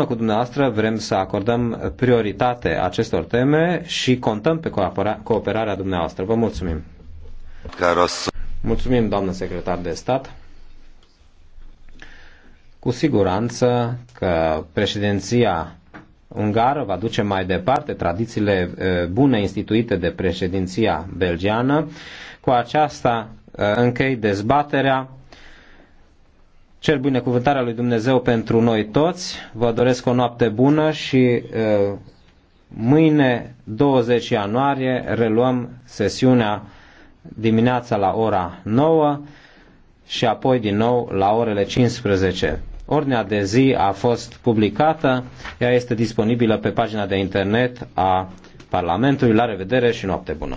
împreună cu dumneavoastră vrem să acordăm prioritate acestor teme și contăm pe cooperarea dumneavoastră. Vă mulțumim! Caros. Mulțumim, doamnă secretar de stat. Cu siguranță că președinția ungară va duce mai departe tradițiile eh, bune instituite de președinția belgiană. Cu aceasta eh, închei dezbaterea cer binecuvântarea lui Dumnezeu pentru noi toți. Vă doresc o noapte bună și mâine, 20 ianuarie, reluăm sesiunea dimineața la ora 9 și apoi din nou la orele 15. Ordinea de zi a fost publicată, ea este disponibilă pe pagina de internet a Parlamentului. La revedere și noapte bună!